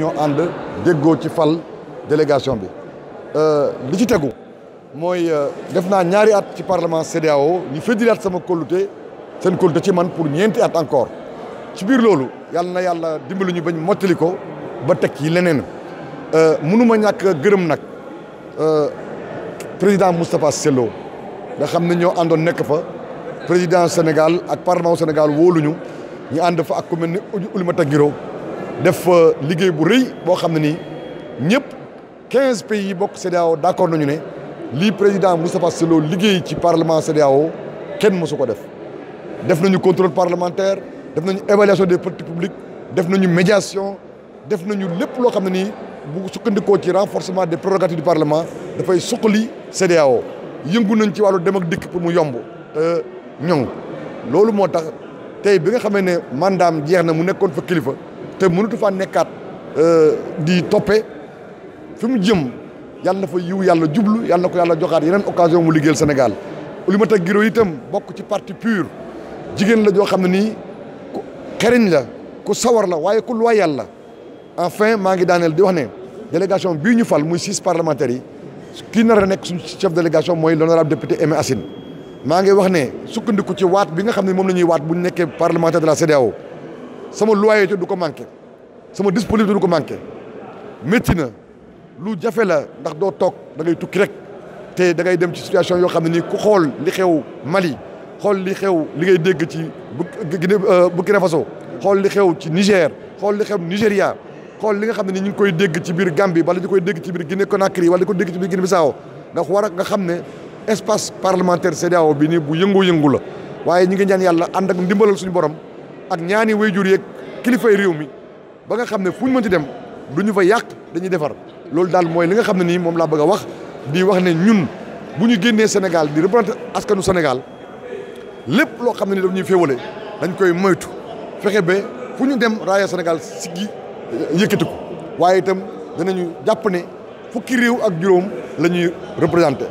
ñoo ànd déggoo ci fal délégation bi euh, li ci tegu mooy euh, def naa ñaari at ci parlement CEDEAO ñu féddilaat sama kóllute seen kóllute ci man pour ñeenti at encore ci biir loolu yàlla na yàlla dimbali ñu bañ mottali ko ba teg yi leneen euh, mënuma ñàkk gërëm nag président Moustapha Sello nga xam ne ñoo àndoon nekk fa président Sénégal ak parlement Sénégal wooluñu ñu ànd fa ak ku mel ni Oulimata Guiro def fa liggéey bu nous, pays yi Le CDAO le accord nañu nous. président Moustapha Cissé Lo ci parlement CEDEAO nous contrôle parlementaire def nañu évaluation des politiques publiques def médiation def nañu lépp nous, renforcement des prérogatives du parlement dafay Nous CEDEAO yëngu nañ ci wàllu dem le pour nous yomb nous. tax bi nga ne mu te mënatu faa nekkaat euh, di toppee fi mu jëm yàlla na fa yiw yàlla jublu yàlla na ko yàlla joxaat yeneen occasion mu liggéeyal Sénégal Oulimata Guiro itam bokk ci parti PUR jigéen la joo xam ne nii ku xeriñ la ku sawar la waaye ku loyal la enfin maa ngi daaneel di wax ne délégation bii ñu fal muy six parlementaires yi kii nar a nekk suñu chef délégation mooy l'honorable député Aimé Assine maa ngi wax ne sukkandiku ci waat bi nga xam ne moom la ñuy waat bu nekkee parlementaire de la CEDEAO sama te du ko manqué sama disponibilité du ko manqué métti na lu jafe la ndax doo toog da ngay tukki rek te da ngay dem ci situation yoo xam ne nii ku xool li xew Mali xool li xew li ngay dégg ci Guinée euh, Burkina Faso xool li xew ci Niger xool li xew Nigéria xool li nga xam ne ni ñu ngi koy dégg ci biir Gambie wala ñu koy dégg ci biir Guinée Conakry wala ñu koy dégg ci biir Guinée Bissau war ak nga xam ne espace parlementaire CEDEAO bi nii bu yëngu-yëngu waaye ñu ngi ñaan yàlla ànd ak ndimbalal suñu borom ak ñaani wayjur yeeg kilifay réew mi ba nga xam ne fu ñu mënti dem du ñu fa yàq dañuy defar loolu daal mooy li nga xam ne nii moom laa bëgg a wax di wax ne ñun bu ñu génnee Sénégal di représenté askanu Sénégal lépp loo xam ne ni daf ñuy féewale dañ koy moytu fexe ba fu ñu dem raaya Sénégal siggi yëkkati ko waaye itam danañu jàpp ne fukki réew ak juróom la ñuy représenté